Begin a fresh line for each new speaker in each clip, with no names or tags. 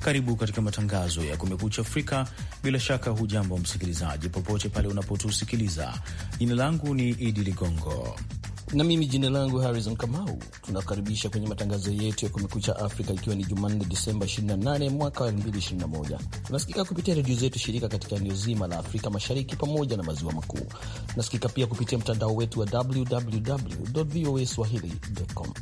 Karibu katika matangazo ya Kumekucha Afrika. Bila shaka, hujambo msikilizaji, popote pale unapotusikiliza. Jina langu
ni Idi Ligongo na mimi jina langu Harrison Kamau. Tunakaribisha kwenye matangazo yetu ya Kumekucha Afrika, ikiwa ni Jumanne Disemba 28 mwaka wa 2021. Tunasikika kupitia redio zetu shirika katika eneo zima la Afrika Mashariki pamoja na maziwa makuu. Tunasikika pia kupitia mtandao wetu wa www voa swahili.com.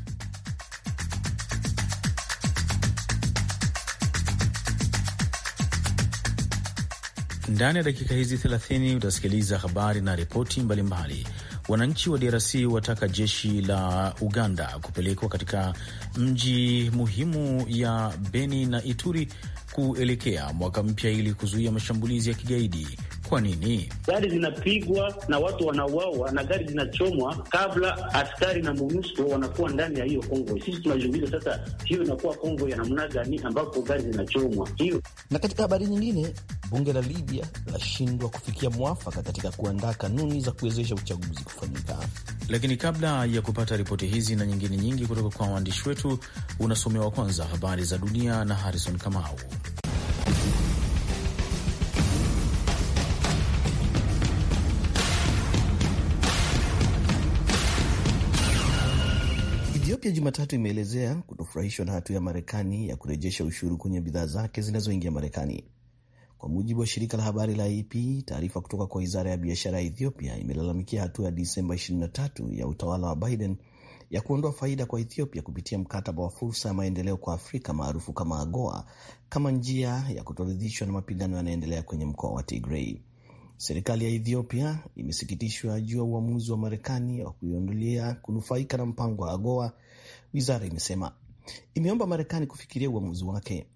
Ndani ya dakika hizi 30 utasikiliza habari na ripoti mbalimbali. Wananchi wa DRC wataka jeshi la Uganda kupelekwa katika mji muhimu ya Beni na Ituri kuelekea mwaka mpya ili kuzuia mashambulizi ya kigaidi. Kwa nini
gari zinapigwa na watu wanauawa na gari zinachomwa kabla askari na MONUSCO wanakuwa ndani ya hiyo kongo? Sisi tunajiuliza sasa, hiyo inakuwa kongo ya namna gani ambapo gari zinachomwa hiyo.
Na katika habari nyingine, bunge la Libya lashindwa kufikia mwafaka katika kuandaa kanuni za kuwezesha uchaguzi
kufanyika. Lakini kabla ya kupata ripoti hizi na nyingine nyingi kutoka kwa waandishi wetu, unasomewa kwanza habari za dunia na Harrison Kamau.
Ethiopia Jumatatu imeelezea kutofurahishwa na hatua ya Marekani ya kurejesha ushuru kwenye bidhaa zake zinazoingia Marekani. Kwa mujibu wa shirika la habari la AP, taarifa kutoka kwa wizara ya biashara ya Ethiopia imelalamikia hatua ya Disemba 23 ya utawala wa Biden ya kuondoa faida kwa Ethiopia kupitia mkataba wa fursa ya maendeleo kwa Afrika maarufu kama AGOA kama njia ya kutoridhishwa na mapigano yanaendelea kwenye mkoa wa Tigrei. Serikali ya Ethiopia imesikitishwa juu ya uamuzi wa Marekani wa kuiondolea kunufaika na mpango wa AGOA, wizara imesema. Imeomba Marekani kufikiria uamuzi wake.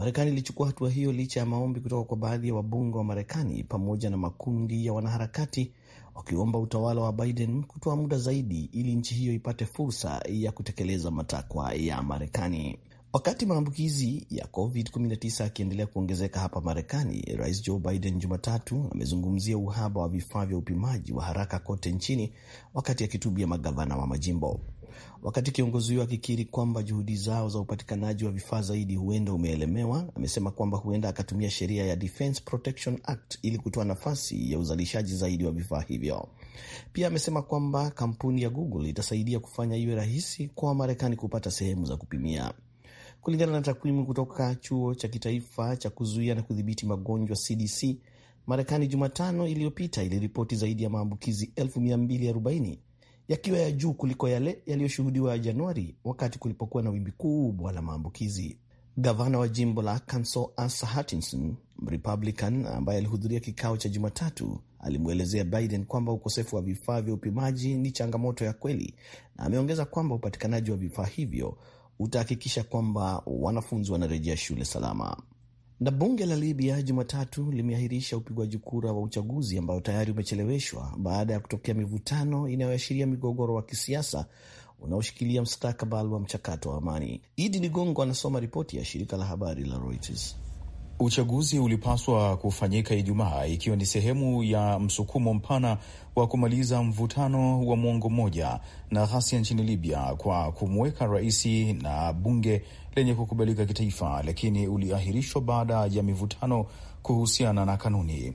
Marekani ilichukua hatua hiyo licha ya maombi kutoka kwa baadhi ya wabunge wa Marekani pamoja na makundi ya wanaharakati wakiomba utawala wa Biden kutoa muda zaidi ili nchi hiyo ipate fursa ya kutekeleza matakwa ya Marekani. Wakati maambukizi ya COVID-19 akiendelea kuongezeka hapa Marekani, Rais Joe Biden Jumatatu amezungumzia uhaba wa vifaa vya upimaji wa haraka kote nchini wakati akitubia magavana wa majimbo. Wakati kiongozi huyo akikiri kwamba juhudi zao za upatikanaji wa vifaa zaidi huenda umeelemewa, amesema kwamba huenda akatumia sheria ya Defense Protection Act ili kutoa nafasi ya uzalishaji zaidi wa vifaa hivyo. Pia amesema kwamba kampuni ya Google itasaidia kufanya iwe rahisi kwa Wamarekani kupata sehemu za kupimia. Kulingana na takwimu kutoka chuo cha kitaifa cha kuzuia na kudhibiti magonjwa CDC, Marekani Jumatano iliyopita iliripoti zaidi ya maambukizi 1240 yakiwa ya juu kuliko yale yaliyoshuhudiwa Januari wakati kulipokuwa na wimbi kubwa la maambukizi. Gavana wa jimbo la Arkansas Asa Hutchinson, Republican, ambaye alihudhuria kikao cha Jumatatu, alimwelezea Biden kwamba ukosefu wa vifaa vya upimaji ni changamoto ya kweli, na ameongeza kwamba upatikanaji wa vifaa hivyo utahakikisha kwamba wanafunzi wanarejea shule salama. Na bunge la Libya Jumatatu limeahirisha upigwaji kura wa uchaguzi ambao tayari umecheleweshwa baada ya kutokea mivutano inayoashiria migogoro wa kisiasa unaoshikilia mstakabali wa mchakato wa amani. Idi Ligongo anasoma ripoti ya shirika la habari la Reuters. Uchaguzi
ulipaswa kufanyika Ijumaa ikiwa ni sehemu ya msukumo mpana wa kumaliza mvutano wa mwongo mmoja na ghasia nchini Libya kwa kumweka rais na bunge lenye kukubalika kitaifa, lakini uliahirishwa baada ya mivutano kuhusiana na kanuni.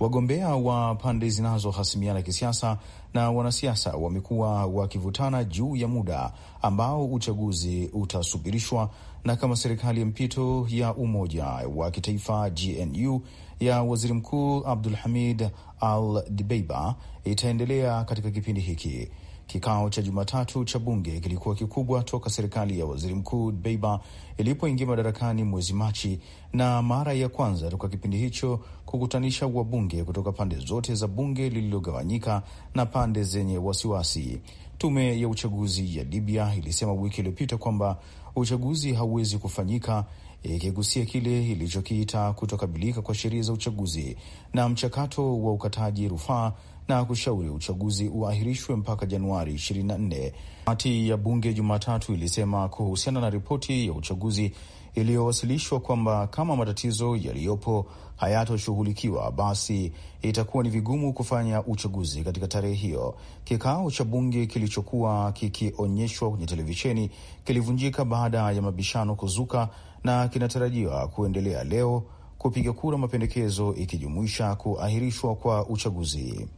Wagombea wa pande zinazohasimiana kisiasa na wanasiasa wamekuwa wakivutana juu ya muda ambao uchaguzi utasubirishwa, na kama serikali ya mpito ya umoja wa kitaifa GNU ya waziri mkuu Abdul Hamid Al Dibeiba itaendelea katika kipindi hiki. Kikao cha Jumatatu cha bunge kilikuwa kikubwa toka serikali ya waziri mkuu Beiba ilipoingia madarakani mwezi Machi, na mara ya kwanza toka kipindi hicho kukutanisha wabunge kutoka pande zote za bunge lililogawanyika na pande zenye wasiwasi. Tume ya uchaguzi ya Libya ilisema wiki iliyopita kwamba uchaguzi hauwezi kufanyika ikigusia kile ilichokiita kutokabilika kwa sheria za uchaguzi na mchakato wa ukataji rufaa na kushauri uchaguzi uahirishwe mpaka Januari 24. Kamati ya bunge Jumatatu ilisema kuhusiana na ripoti ya uchaguzi iliyowasilishwa kwamba kama matatizo yaliyopo hayatoshughulikiwa basi itakuwa ni vigumu kufanya uchaguzi katika tarehe hiyo. Kikao cha bunge kilichokuwa kikionyeshwa kwenye televisheni kilivunjika baada ya mabishano kuzuka na kinatarajiwa kuendelea leo kupiga kura
mapendekezo ikijumuisha kuahirishwa kwa uchaguzi.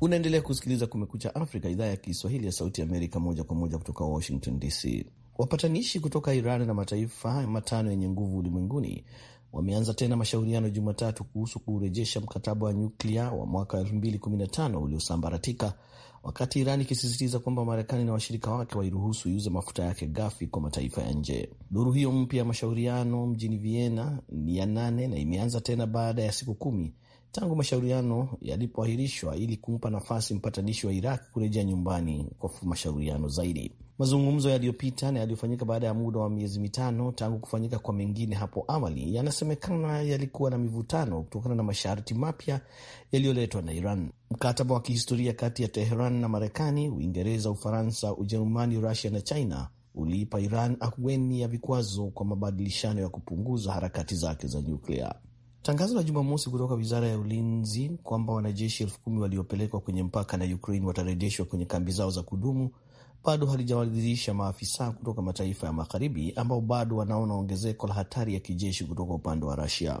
Unaendelea kusikiliza Kumekucha Afrika, idhaa ya Kiswahili ya Sauti Amerika, moja kwa moja kutoka Washington DC. Wapatanishi kutoka Iran na mataifa matano yenye nguvu ulimwenguni wameanza tena mashauriano Jumatatu kuhusu kurejesha mkataba wa nyuklia wa mwaka 2015 uliosambaratika, wakati Iran ikisisitiza kwamba Marekani na washirika wake wairuhusu iuze mafuta yake ghafi kwa mataifa ya nje. Duru hiyo mpya ya mashauriano mjini Vienna ni ya nane na imeanza tena baada ya siku kumi tangu mashauriano yalipoahirishwa ili kumpa nafasi mpatanishi wa Iraq kurejea nyumbani kwa mashauriano zaidi. Mazungumzo yaliyopita na yaliyofanyika baada ya muda wa miezi mitano tangu kufanyika kwa mengine hapo awali yanasemekana yalikuwa na mivutano kutokana na masharti mapya yaliyoletwa na Iran. Mkataba wa kihistoria kati ya Teheran na Marekani, Uingereza, Ufaransa, Ujerumani, Rusia na China uliipa Iran ahueni ya vikwazo kwa mabadilishano ya kupunguza harakati zake za nyuklia. Tangazo la Jumamosi kutoka wizara ya ulinzi kwamba wanajeshi elfu kumi waliopelekwa kwenye mpaka na Ukraine watarejeshwa kwenye kambi zao za kudumu bado halijawaridhisha maafisa kutoka mataifa ya magharibi ambao bado wanaona ongezeko la hatari ya kijeshi kutoka upande wa Rusia.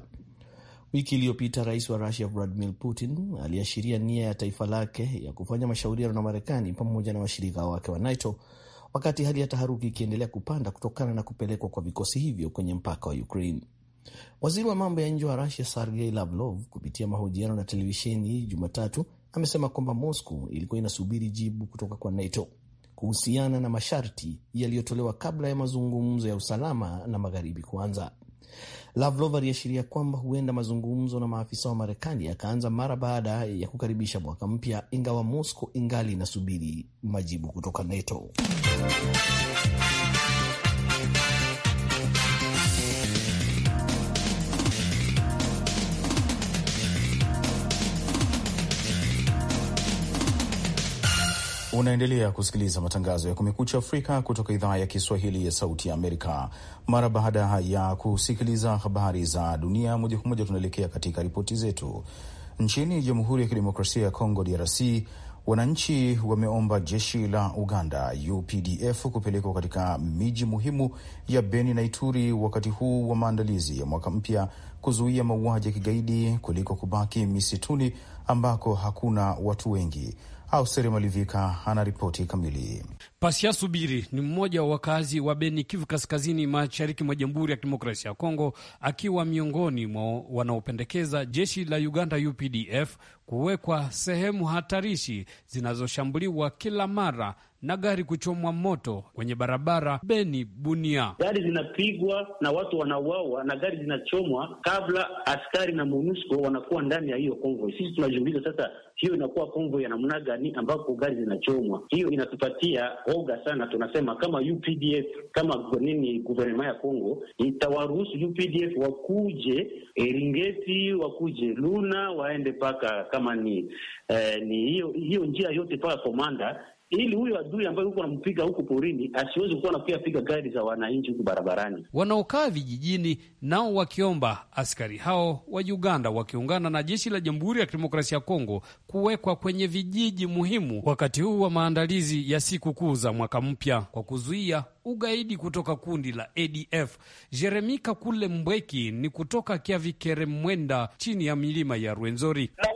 Wiki iliyopita rais wa Rusia Vladimir Putin aliashiria nia ya taifa lake ya kufanya mashauriano na Marekani pamoja na washirika wake wa NATO wakati hali ya taharuki ikiendelea kupanda kutokana na kupelekwa kwa vikosi hivyo kwenye mpaka wa Ukraine. Waziri wa mambo ya nje wa Rusia Sergei Lavrov, kupitia mahojiano na televisheni Jumatatu, amesema kwamba Moscow ilikuwa inasubiri jibu kutoka kwa NATO kuhusiana na masharti yaliyotolewa kabla ya mazungumzo ya usalama na magharibi kuanza. Lavrov aliashiria kwamba huenda mazungumzo na maafisa wa Marekani yakaanza mara baada ya kukaribisha mwaka mpya, ingawa Moscow ingali inasubiri majibu kutoka NATO.
Unaendelea kusikiliza matangazo ya Kumekucha Afrika kutoka idhaa ya Kiswahili ya Sauti ya Amerika. Mara baada ya kusikiliza habari za dunia moja kwa moja, tunaelekea katika ripoti zetu. Nchini Jamhuri ya Kidemokrasia ya Kongo, DRC, wananchi wameomba jeshi la Uganda UPDF kupelekwa katika miji muhimu ya Beni na Ituri wakati huu wa maandalizi ya mwaka mpya kuzuia mauaji ya kigaidi kuliko kubaki misituni ambako hakuna watu wengi. Austeri Malivika anaripoti kamili.
Pasia Subiri ni mmoja wa wakazi wa Beni, Kivu Kaskazini, mashariki mwa Jamhuri ya Kidemokrasia ya Kongo, akiwa miongoni mwa wanaopendekeza jeshi la Uganda UPDF kuwekwa sehemu hatarishi zinazoshambuliwa kila mara na gari kuchomwa moto kwenye barabara Beni Bunia. Gari zinapigwa na watu wanauawa na gari zinachomwa kabla askari na MONUSCO wanakuwa ndani ya hiyo konvoi. Sisi tunajiuliza sasa, hiyo inakuwa konvoi ya namna gani ambapo gari zinachomwa? Hiyo inatupatia oga sana. Tunasema kama UPDF kama nini, guvernema ya Kongo itawaruhusu UPDF wakuje Eringeti, eh, wakuje Luna, waende mpaka kama ni eh, ni hiyo hiyo njia yote paka Komanda ili huyo adui ambaye huko anampiga huku porini asiwezi kuwa anapiga piga gari za wananchi huku barabarani. Wanaokaa vijijini nao wakiomba askari hao wa Uganda wakiungana na jeshi la Jamhuri ya Kidemokrasia ya Kongo kuwekwa kwenye vijiji muhimu wakati huu wa maandalizi ya siku kuu za mwaka mpya kwa kuzuia ugaidi kutoka kundi la ADF. Jeremika kule Mbweki ni kutoka Kiavikere Mwenda chini ya milima ya Rwenzori na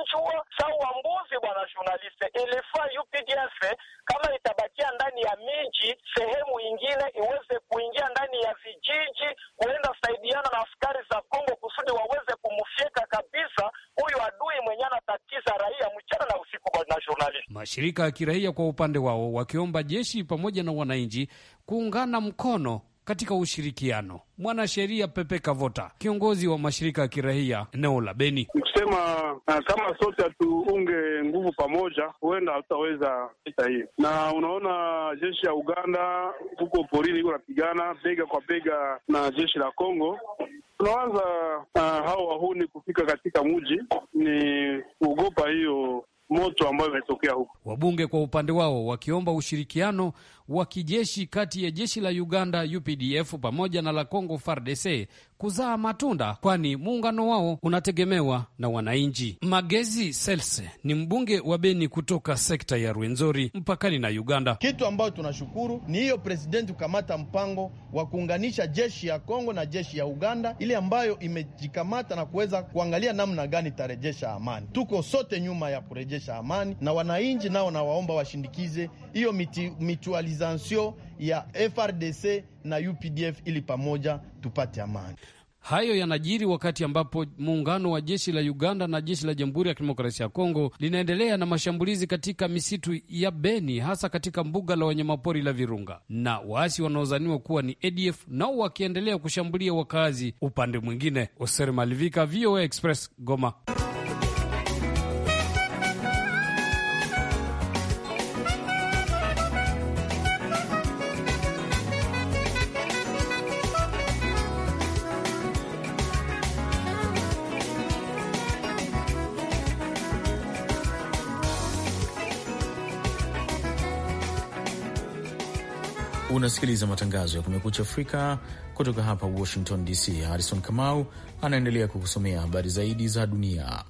kuchinjwa sawa mbuzi, bwana journaliste, ilifaa UPDF kama itabakia ndani ya miji, sehemu ingine iweze kuingia ndani ya vijiji, kuenda saidiana na askari za Kongo kusudi waweze kumfyeka kabisa huyu adui mwenye anatatiza raia mchana na
usiku, bwana journaliste. Mashirika ya kiraia kwa upande wao wakiomba jeshi pamoja na wananchi kuungana mkono katika ushirikiano. Mwanasheria Pepe Kavota, kiongozi wa mashirika ya kirahia eneo la Beni,
kusema
ah, kama sote
hatuunge nguvu pamoja, huenda hatutaweza vita hii. Na unaona jeshi ya Uganda huko porini iko napigana bega kwa bega na jeshi la Kongo. Tunawaza ah, hao wahuni kufika katika mji ni kuogopa hiyo moto ambayo imetokea huko.
Wabunge kwa upande wao wakiomba ushirikiano wa kijeshi kati ya jeshi la Uganda UPDF pamoja na la Congo FARDC kuzaa matunda, kwani muungano wao unategemewa na wananchi. Magezi Selse ni mbunge wa Beni kutoka sekta ya Rwenzori mpakani na Uganda. Kitu ambayo
tunashukuru ni hiyo presidenti kukamata mpango wa kuunganisha jeshi ya congo na jeshi ya Uganda, ile ambayo imejikamata na kuweza kuangalia namna gani itarejesha amani. Tuko sote nyuma ya kurejesha amani, na wananchi nao nawaomba washindikize hiyo mitualiza mizancio ya FRDC na UPDF ili pamoja tupate amani.
Hayo yanajiri wakati ambapo muungano wa jeshi la Uganda na jeshi la Jamhuri ya Kidemokrasia ya Kongo linaendelea na mashambulizi katika misitu ya Beni, hasa katika mbuga la wanyamapori la Virunga, na waasi wanaozaniwa kuwa ni ADF nao wakiendelea kushambulia wakazi upande mwingine. Oser Malivika, VOA Express, Goma.
Unasikiliza matangazo ya Kumekucha Afrika kutoka hapa Washington DC. Harrison Kamau anaendelea kukusomea habari zaidi za dunia.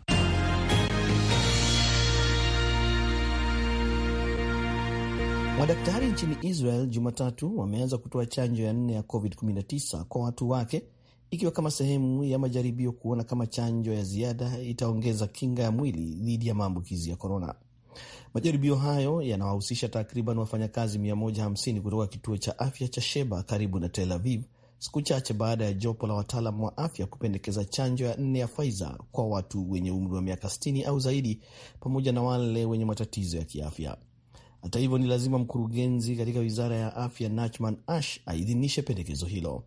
Madaktari nchini Israel Jumatatu wameanza kutoa chanjo ya nne ya COVID-19 kwa watu wake ikiwa kama sehemu ya majaribio kuona kama chanjo ya ziada itaongeza kinga ya mwili dhidi ya maambukizi ya korona. Majaribio hayo yanawahusisha takriban wafanyakazi 150 kutoka kituo cha afya cha Sheba karibu na Tel Aviv, siku chache baada ya jopo la wataalam wa afya kupendekeza chanjo ya nne ya Pfizer kwa watu wenye umri wa miaka 60 au zaidi, pamoja na wale wenye matatizo ya kiafya. Hata hivyo, ni lazima mkurugenzi katika wizara ya afya Nachman Ash aidhinishe pendekezo hilo.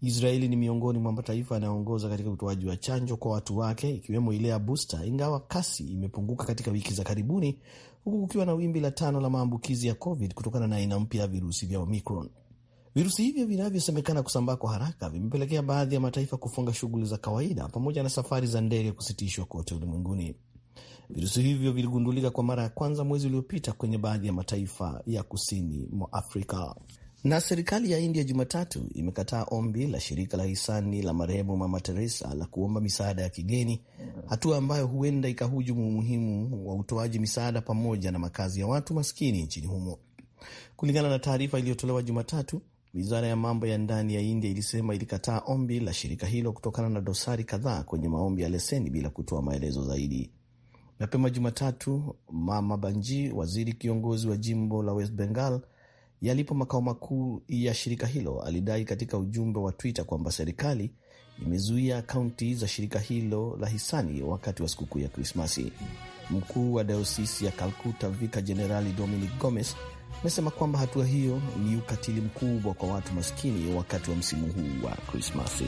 Israeli ni miongoni mwa mataifa yanayoongoza katika utoaji wa chanjo kwa watu wake, ikiwemo ile ya busta, ingawa kasi imepunguka katika wiki za karibuni, huku kukiwa na wimbi la tano la maambukizi ya COVID kutokana na aina mpya ya virusi vya Omicron. Virusi hivyo vinavyosemekana kusambaa kwa haraka vimepelekea baadhi ya mataifa kufunga shughuli za kawaida pamoja na safari za ndege kusitishwa kote ulimwenguni. Virusi hivyo viligundulika kwa mara ya kwanza mwezi uliopita kwenye baadhi ya mataifa ya kusini mwa Afrika. Na serikali ya India Jumatatu imekataa ombi la shirika la hisani la marehemu Mama Teresa la kuomba misaada ya kigeni, hatua ambayo huenda ikahujumu umuhimu wa utoaji misaada pamoja na makazi ya watu maskini nchini humo. Kulingana na taarifa iliyotolewa Jumatatu, wizara ya mambo ya ndani ya India ilisema ilikataa ombi la shirika hilo kutokana na dosari kadhaa kwenye maombi ya leseni bila kutoa maelezo zaidi. Mapema Jumatatu, Mama Banji, waziri kiongozi wa jimbo la West Bengal, yalipo makao makuu ya shirika hilo, alidai katika ujumbe wa Twitter kwamba serikali imezuia akaunti za shirika hilo la hisani wakati wa sikukuu ya Krismasi. Mkuu wa dayosisi ya Kalkuta, Vika Jenerali Dominic Gomez, amesema kwamba hatua hiyo ni ukatili mkubwa kwa watu maskini wakati wa msimu huu wa Krismasi.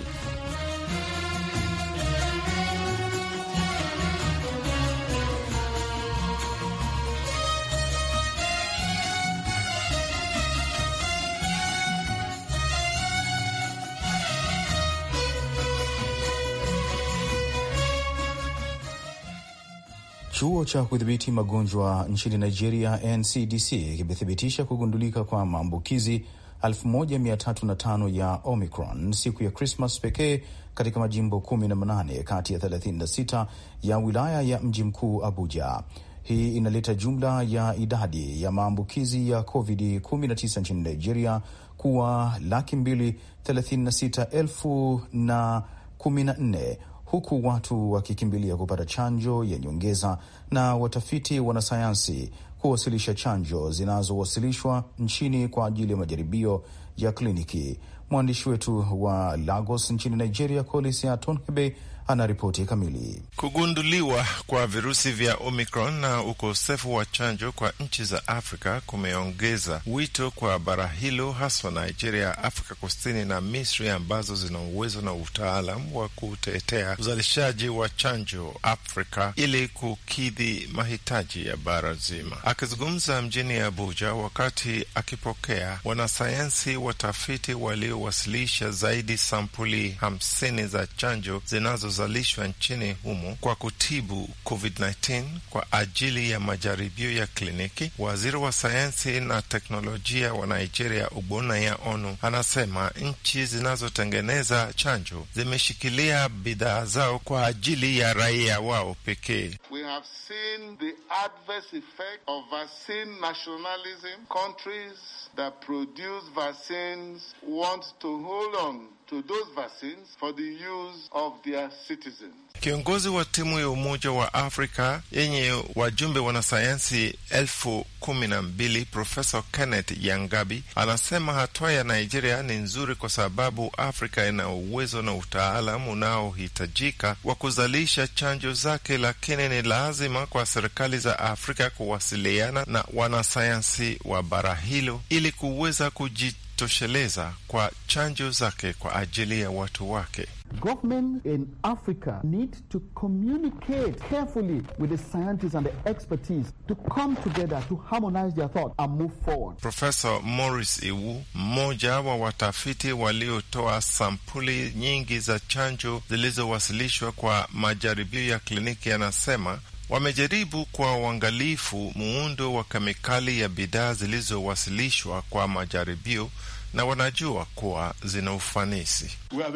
Chuo cha kudhibiti magonjwa nchini Nigeria, NCDC, kimethibitisha kugundulika kwa maambukizi 1305 ya Omicron siku ya Krismas pekee katika majimbo 18 kati ya 36 ya wilaya ya mji mkuu Abuja. Hii inaleta jumla ya idadi ya maambukizi ya COVID-19 nchini Nigeria kuwa laki mbili thelathini na sita elfu na kumi na nne huku watu wakikimbilia kupata chanjo ya nyongeza na watafiti wanasayansi kuwasilisha chanjo zinazowasilishwa nchini kwa ajili ya majaribio ya kliniki. Mwandishi wetu wa Lagos nchini Nigeria, Kolisia Tonkebe ripoti kamili.
Kugunduliwa kwa virusi vya Omicron na ukosefu wa chanjo kwa nchi za Afrika kumeongeza wito kwa bara hilo, haswa Nigeria, Afrika Kusini na Misri ambazo zina uwezo na utaalam wa kutetea uzalishaji wa chanjo Afrika ili kukidhi mahitaji ya bara zima. Akizungumza mjini Abuja wakati akipokea wanasayansi watafiti waliowasilisha zaidi sampuli hamsini za chanjo zinazo zinazozalishwa nchini humo kwa kutibu COVID-19 kwa ajili ya majaribio ya kliniki. Waziri wa sayansi na teknolojia wa Nigeria Ogbonnaya Onu anasema nchi zinazotengeneza chanjo zimeshikilia bidhaa zao kwa ajili ya raia wao pekee. We have seen the adverse effect of vaccine nationalism. Countries that produce vaccines want to hold on to those vaccines for the use of their citizens. Kiongozi wa timu ya Umoja wa Afrika yenye wajumbe wanasayansi elfu kumi na mbili Profesa Kenneth Yangabi anasema hatua ya Nigeria ni nzuri kwa sababu Afrika ina uwezo na utaalam unaohitajika wa kuzalisha chanjo zake, lakini ni lazima kwa serikali za Afrika kuwasiliana na wanasayansi wa bara hilo ili kuweza kuji kujitosheleza kwa chanjo zake kwa ajili ya watu wake.
Government in Africa need to communicate carefully with the scientists and the expertise to come together to harmonize their thought and move forward.
Professor Morris Iwu, mmoja wa watafiti waliotoa sampuli nyingi za chanjo zilizowasilishwa kwa majaribio ya kliniki, anasema wamejaribu kwa uangalifu muundo wa kemikali ya bidhaa zilizowasilishwa kwa majaribio na wanajua kuwa zina ufanisi. Uh,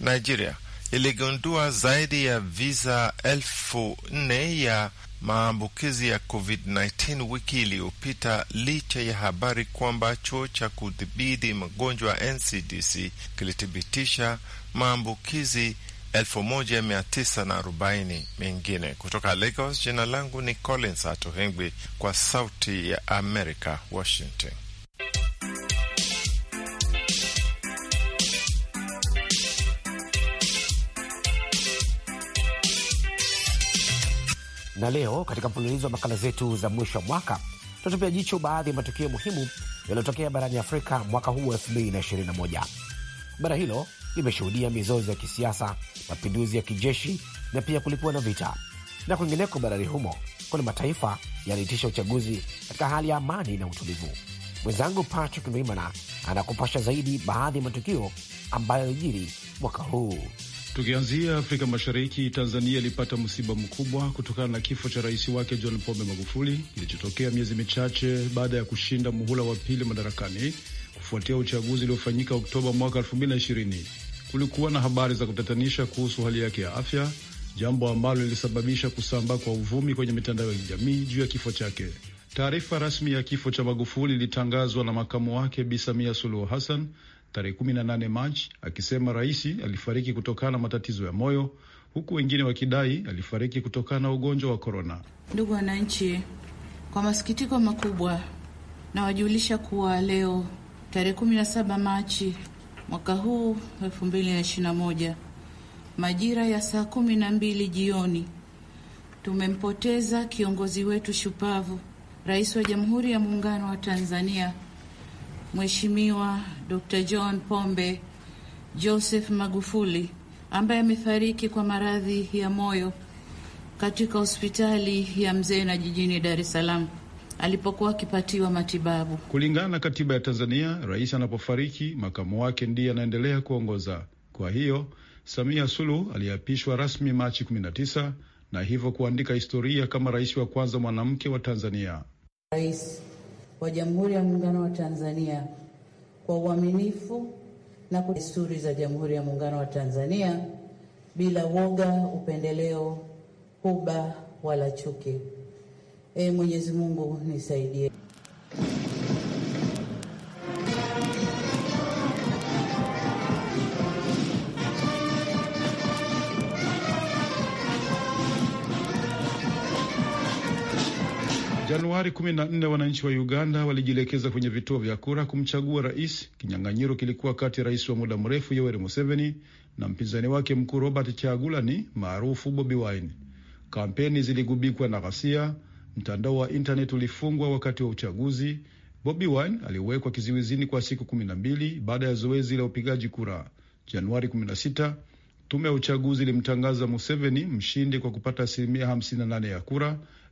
Nigeria iligundua zaidi ya visa elfu nne ya maambukizi ya COVID-19 wiki iliyopita licha ya habari kwamba chuo cha kudhibiti magonjwa NCDC kilithibitisha maambukizi 1940 mengine. Kutoka Lagos, jina langu ni Collins Atohengwi, kwa Sauti ya America, Washington.
na leo katika mfululizo wa makala zetu za mwisho wa mwaka tunatupia jicho baadhi ya matukio muhimu yaliyotokea barani Afrika mwaka huu wa 2021. Bara hilo limeshuhudia mizozo ya kisiasa, mapinduzi ya kijeshi na pia kulikuwa na vita, na kwingineko barani humo kuna mataifa yaliitisha uchaguzi katika hali ya amani na utulivu. Mwenzangu Patrick Ndwimana anakupasha
zaidi baadhi ya matukio ambayo yalijiri mwaka huu. Tukianzia Afrika Mashariki, Tanzania ilipata msiba mkubwa kutokana na kifo cha rais wake John Pombe Magufuli kilichotokea miezi michache baada ya kushinda muhula wa pili madarakani kufuatia uchaguzi uliofanyika Oktoba mwaka 2020. Kulikuwa na habari za kutatanisha kuhusu hali yake ya afya, jambo ambalo lilisababisha kusambaa kwa uvumi kwenye mitandao ya kijamii juu ya kifo chake. Taarifa rasmi ya kifo cha Magufuli ilitangazwa na makamu wake Bi Samia Suluhu Hassan tarehe 18 Machi akisema rais alifariki kutokana na matatizo ya moyo, huku wengine wakidai alifariki kutokana na ugonjwa wa korona.
Ndugu wananchi, kwa masikitiko makubwa nawajulisha kuwa leo tarehe 17 Machi mwaka huu 2021 majira ya saa kumi na mbili jioni tumempoteza kiongozi wetu shupavu, rais wa Jamhuri ya Muungano wa Tanzania Mheshimiwa Dr. John Pombe Joseph Magufuli ambaye amefariki kwa maradhi ya moyo katika hospitali ya mzee na jijini Dar es Salaam alipokuwa akipatiwa matibabu.
Kulingana na katiba ya Tanzania, rais anapofariki makamu wake ndiye anaendelea kuongoza. Kwa hiyo Samia Suluhu aliyeapishwa rasmi Machi 19 na hivyo kuandika historia kama rais wa kwanza mwanamke wa Tanzania.
Rais wa Jamhuri ya Muungano wa Tanzania kwa uaminifu na desturi za Jamhuri ya Muungano wa Tanzania bila woga, upendeleo, huba wala chuki. Ee Mwenyezi Mungu nisaidie.
Februari 14 wananchi wa Uganda walijielekeza kwenye vituo vya kura kumchagua rais. Kinyang'anyiro kilikuwa kati ya rais wa muda mrefu Yoweri Museveni na mpinzani wake mkuu Robert chagulani maarufu Bobi Wine. Kampeni ziligubikwa na ghasia, mtandao wa intaneti ulifungwa wakati wa uchaguzi. Bobi Wine aliwekwa kizuizini kwa siku 12 baada ya zoezi la upigaji kura. Januari 16 tume ya uchaguzi ilimtangaza Museveni mshindi kwa kupata asilimia 58 ya kura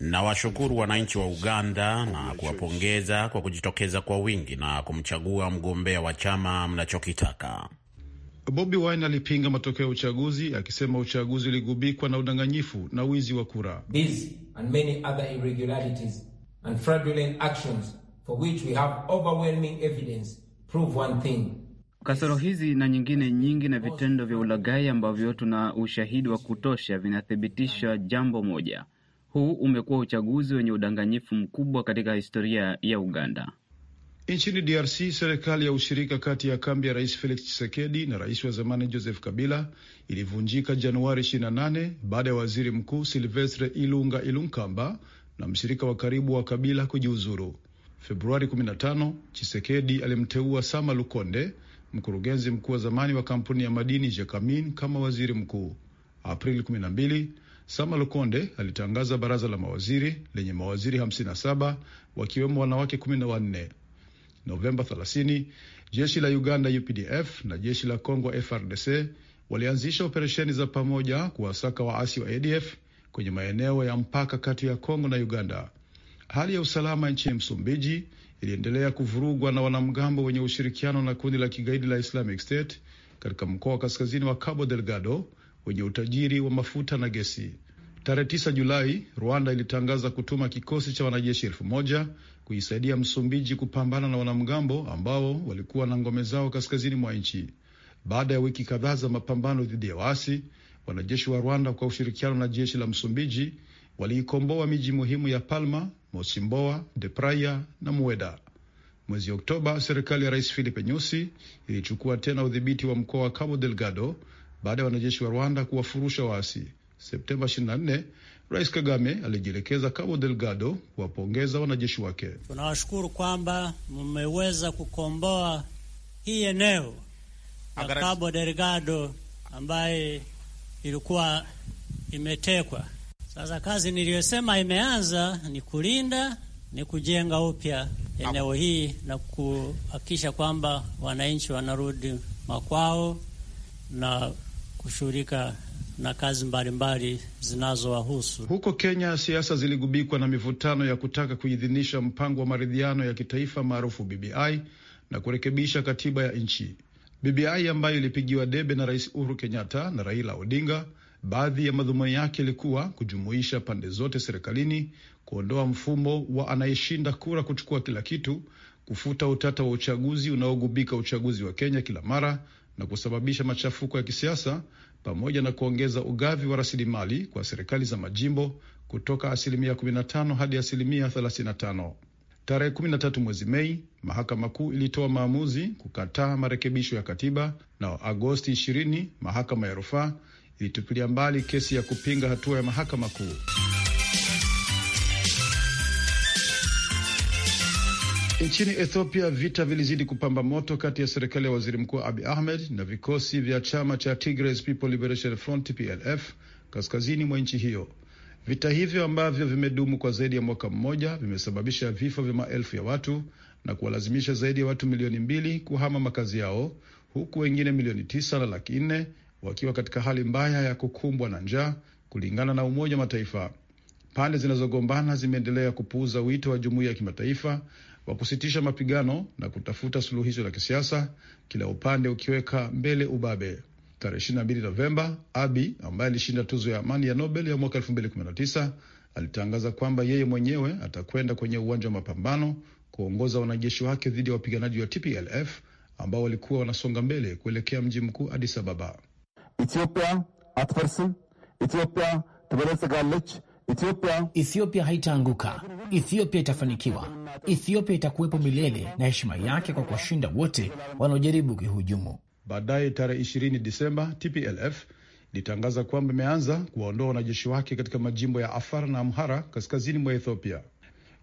Nawashukuru wananchi wa
Uganda na kuwapongeza kwa kujitokeza kwa wingi na kumchagua mgombea wa chama mnachokitaka.
Bobi Wine alipinga matokeo ya uchaguzi akisema uchaguzi uligubikwa na udanganyifu na wizi wa kura. Kasoro
hizi na nyingine nyingi na vitendo vya ulaghai ambavyo tuna ushahidi wa kutosha vinathibitisha jambo moja huu umekuwa uchaguzi wenye udanganyifu mkubwa katika historia ya Uganda.
Nchini DRC, serikali ya ushirika kati ya kambi ya rais Felix Tshisekedi na rais wa zamani Joseph Kabila ilivunjika Januari 28 baada ya waziri mkuu Silvestre Ilunga Ilunkamba na mshirika wa karibu wa Kabila kujiuzuru. Februari 15, Chisekedi alimteua Sama Lukonde, mkurugenzi mkuu wa zamani wa kampuni ya madini Jekamin, kama waziri mkuu. Aprili Sama Lukonde alitangaza baraza la mawaziri lenye mawaziri 57 wakiwemo wanawake 14. Novemba 30, jeshi la Uganda UPDF na jeshi la Kongo FRDC walianzisha operesheni za pamoja kuwasaka waasi wa ADF kwenye maeneo ya mpaka kati ya congo na Uganda. Hali ya usalama nchini Msumbiji iliendelea kuvurugwa na wanamgambo wenye ushirikiano na kundi la kigaidi la Islamic State katika mkoa wa kaskazini wa Cabo Delgado wenye utajiri wa mafuta na gesi. Tarehe 9 Julai, Rwanda ilitangaza kutuma kikosi cha wanajeshi elfu moja kuisaidia Msumbiji kupambana na wanamgambo ambao walikuwa na ngome zao kaskazini mwa nchi. Baada ya wiki kadhaa za mapambano dhidi ya waasi, wanajeshi wa Rwanda kwa ushirikiano na jeshi la Msumbiji waliikomboa miji muhimu ya Palma, Mosimboa de Praia na Mueda. Mwezi Oktoba, serikali ya Rais Filipe Nyusi ilichukua tena udhibiti wa mkoa wa Cabo Delgado baada ya wanajeshi wa Rwanda kuwafurusha waasi. Septemba 24 Rais Kagame alijielekeza Cabo Delgado kuwapongeza wanajeshi wake.
Tunawashukuru kwamba mmeweza kukomboa hii eneo ya Cabo Delgado ambaye ilikuwa imetekwa. Sasa kazi niliyosema imeanza ni kulinda, ni kujenga upya eneo hii na kuhakikisha kwamba wananchi wanarudi makwao na kushughulika na kazi mbalimbali zinazowahusu.
Huko Kenya, siasa ziligubikwa na mivutano ya kutaka kuidhinisha mpango wa maridhiano ya kitaifa maarufu BBI na kurekebisha katiba ya nchi. BBI ambayo ilipigiwa debe na Rais Uhuru Kenyatta na Raila Odinga, baadhi ya madhumuni yake ilikuwa kujumuisha pande zote serikalini, kuondoa mfumo wa anayeshinda kura kuchukua kila kitu, kufuta utata wa uchaguzi unaogubika uchaguzi wa Kenya kila mara na kusababisha machafuko ya kisiasa pamoja na kuongeza ugavi wa rasilimali kwa serikali za majimbo kutoka asilimia 15 hadi asilimia 35. Tarehe 13 mwezi Mei, mahakama kuu ilitoa maamuzi kukataa marekebisho ya katiba, na Agosti 20 mahakama ya rufaa ilitupilia mbali kesi ya kupinga hatua ya mahakama kuu. Nchini Ethiopia vita vilizidi kupamba moto kati ya serikali ya waziri mkuu Abi Ahmed na vikosi vya chama cha Tigray People Liberation Front PLF kaskazini mwa nchi hiyo. Vita hivyo ambavyo vimedumu kwa zaidi ya mwaka mmoja vimesababisha vifo vya maelfu ya watu na kuwalazimisha zaidi ya watu milioni mbili kuhama makazi yao huku wengine milioni tisa na laki nne wakiwa katika hali mbaya ya kukumbwa na njaa kulingana na Umoja wa Mataifa. Pande zinazogombana zimeendelea kupuuza wito wa jumuiya ya kimataifa wa kusitisha mapigano na kutafuta suluhisho la kisiasa, kila upande ukiweka mbele ubabe. Tarehe 22 Novemba, Abi ambaye alishinda tuzo ya amani ya Nobel ya mwaka 2019 alitangaza kwamba yeye mwenyewe atakwenda kwenye uwanja wa mapambano kuongoza wanajeshi wake dhidi ya wapiganaji wa TPLF ambao walikuwa wanasonga mbele kuelekea mji mkuu Addis Ababa. Ethiopia atfarsi Ethiopia tbelezgalech Ethiopia, Ethiopia haitaanguka. Ethiopia itafanikiwa. Ethiopia itakuwepo milele na heshima yake kwa kuwashinda wote wanaojaribu kuihujumu. Baadaye tarehe 20 Disemba, TPLF ilitangaza kwamba imeanza kuwaondoa wanajeshi wake katika majimbo ya Afar na Amhara kaskazini mwa Ethiopia.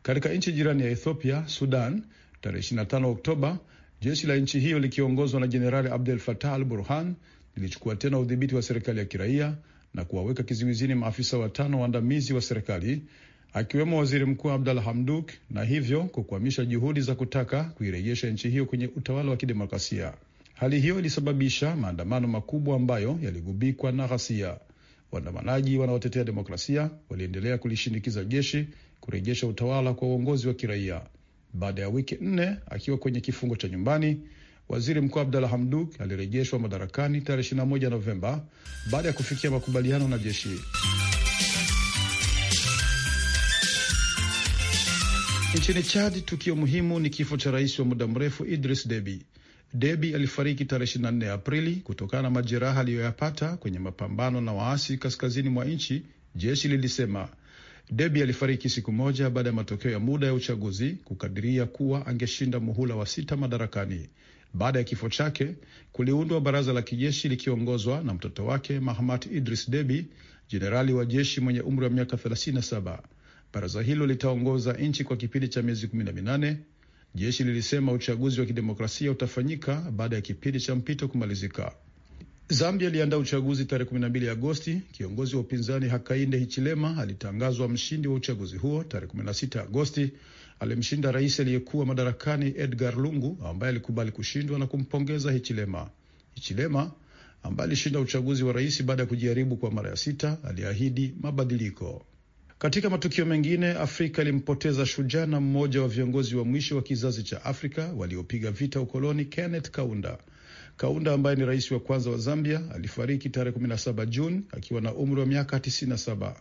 Katika nchi jirani ya Ethiopia, Sudan, tarehe 25 Oktoba, jeshi la nchi hiyo likiongozwa na Jenerali Abdel Fattah al Burhan lilichukua tena udhibiti wa serikali ya kiraia na kuwaweka kizuizini maafisa watano waandamizi wa serikali akiwemo waziri mkuu abdal Hamduk na hivyo kukwamisha juhudi za kutaka kuirejesha nchi hiyo kwenye utawala wa kidemokrasia. Hali hiyo ilisababisha maandamano makubwa ambayo yaligubikwa na ghasia. Waandamanaji wanaotetea demokrasia waliendelea kulishinikiza jeshi kurejesha utawala kwa uongozi wa kiraia. Baada ya wiki nne akiwa kwenye kifungo cha nyumbani, Waziri Mkuu Abdalla Hamduk alirejeshwa madarakani tarehe 21 Novemba baada ya kufikia makubaliano na jeshi. Nchini Chad, tukio muhimu ni kifo cha rais wa muda mrefu Idris Deby. Deby alifariki tarehe 24 Aprili kutokana na majeraha aliyoyapata kwenye mapambano na waasi kaskazini mwa nchi, jeshi lilisema. Deby alifariki siku moja baada ya matokeo ya muda ya uchaguzi kukadiria kuwa angeshinda muhula wa sita madarakani. Baada ya kifo chake kuliundwa baraza la kijeshi likiongozwa na mtoto wake Mahamat Idris debi jenerali wa jeshi mwenye umri wa miaka 37. Baraza hilo litaongoza nchi kwa kipindi cha miezi 18. Jeshi lilisema uchaguzi wa kidemokrasia utafanyika baada ya kipindi cha mpito kumalizika. Zambia iliandaa uchaguzi tarehe 12 Agosti. Kiongozi wa upinzani Hakainde Hichilema alitangazwa mshindi wa uchaguzi huo tarehe 16 Agosti, alimshinda rais aliyekuwa madarakani Edgar Lungu ambaye alikubali kushindwa na kumpongeza Hichilema. Hichilema ambaye alishinda uchaguzi wa rais baada ya kujaribu kwa mara ya sita aliahidi mabadiliko. Katika matukio mengine, Afrika ilimpoteza shujaa na mmoja wa viongozi wa mwisho wa kizazi cha Afrika waliopiga vita ukoloni, Kenneth Kaunda. Kaunda ambaye ni rais wa kwanza wa Zambia alifariki tarehe 17 Juni akiwa na umri wa miaka 97.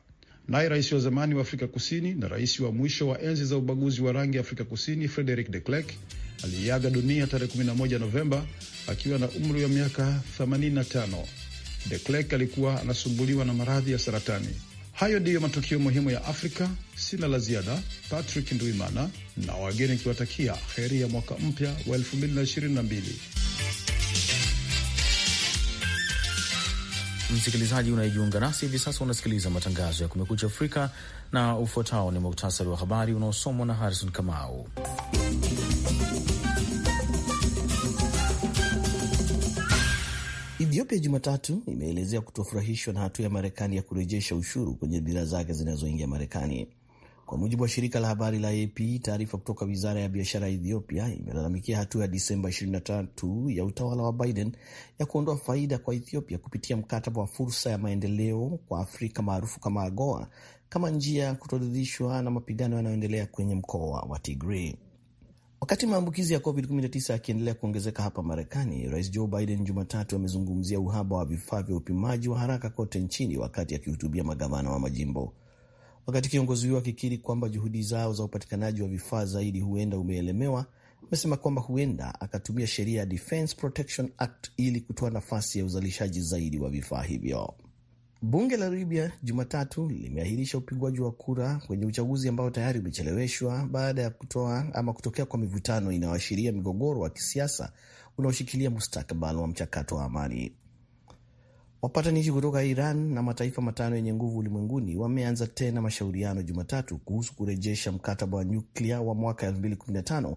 Naye rais wa zamani wa Afrika Kusini na rais wa mwisho wa enzi za ubaguzi wa rangi Afrika Kusini Frederick de Klerk aliyeaga dunia tarehe 11 Novemba akiwa na umri wa miaka 85. De Klerk alikuwa anasumbuliwa na maradhi ya saratani. Hayo ndiyo matukio muhimu ya Afrika. Sina la ziada. Patrick nduimana na wageni kiwatakia heri ya mwaka mpya wa 2022.
Msikilizaji unayejiunga nasi hivi sasa, unasikiliza matangazo ya Kumekucha Afrika, na ufuatao ni muktasari wa habari unaosomwa na Harrison Kamau.
Ethiopia Jumatatu imeelezea kutofurahishwa na hatua ya Marekani ya kurejesha ushuru kwenye bidhaa zake zinazoingia Marekani. Kwa mujibu wa shirika la habari la AP, taarifa kutoka wizara ya biashara ya Ethiopia imelalamikia hatua ya Disemba 23 ya utawala wa Biden ya kuondoa faida kwa Ethiopia kupitia mkataba wa fursa ya maendeleo kwa Afrika maarufu kama AGOA kama njia ya kutoridhishwa na mapigano yanayoendelea kwenye mkoa wa Tigray. Wakati maambukizi ya COVID-19 yakiendelea kuongezeka hapa Marekani, Rais Joe Biden Jumatatu amezungumzia uhaba wa vifaa vya upimaji wa haraka kote nchini wakati akihutubia magavana wa majimbo. Wakati kiongozi huyo akikiri kwamba juhudi zao za upatikanaji wa vifaa zaidi huenda umeelemewa, amesema kwamba huenda akatumia sheria ya Defense Protection Act ili kutoa nafasi ya uzalishaji zaidi wa vifaa hivyo. Bunge la Libya Jumatatu limeahirisha upigwaji wa kura kwenye uchaguzi ambao tayari umecheleweshwa baada ya kutoa ama kutokea kwa mivutano inayoashiria migogoro wa kisiasa unaoshikilia mustakabali wa mchakato wa amani. Wapatanishi kutoka Iran na mataifa matano yenye nguvu ulimwenguni wameanza tena mashauriano Jumatatu kuhusu kurejesha mkataba wa nyuklia wa mwaka 2015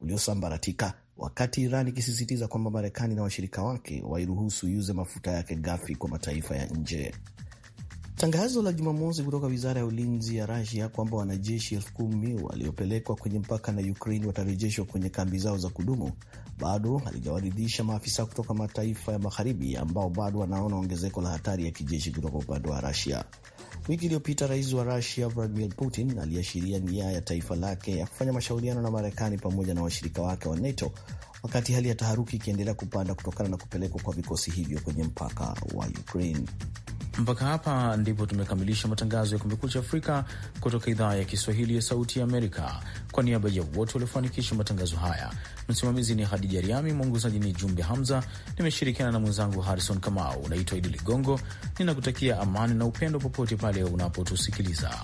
uliosambaratika, wakati Iran ikisisitiza kwamba Marekani na washirika wake wairuhusu iuze mafuta yake ghafi kwa mataifa ya nje. Tangazo la Jumamosi kutoka wizara ya ulinzi ya Rasia kwamba wanajeshi elfu kumi waliopelekwa kwenye mpaka na Ukraine watarejeshwa kwenye kambi zao za kudumu bado halijawaridhisha maafisa kutoka mataifa ya magharibi ambao bado wanaona ongezeko la hatari ya kijeshi kutoka upande wa Rasia. Wiki iliyopita rais wa Rusia Vladimir Putin aliashiria nia ya taifa lake ya kufanya mashauriano na Marekani pamoja na washirika wake wa NATO wakati hali ya taharuki ikiendelea kupanda kutokana na kupelekwa kwa vikosi hivyo kwenye mpaka wa Ukraine.
Mpaka hapa ndipo tumekamilisha matangazo ya Kumekucha Afrika kutoka idhaa ya Kiswahili ya Sauti ya Amerika. Kwa niaba ya wote waliofanikisha matangazo haya, msimamizi ni Hadija Riami, mwongozaji ni Jumbe Hamza. Nimeshirikiana na mwenzangu Harrison Kamau. Unaitwa Idi Ligongo, ninakutakia amani na upendo popote pale unapotusikiliza.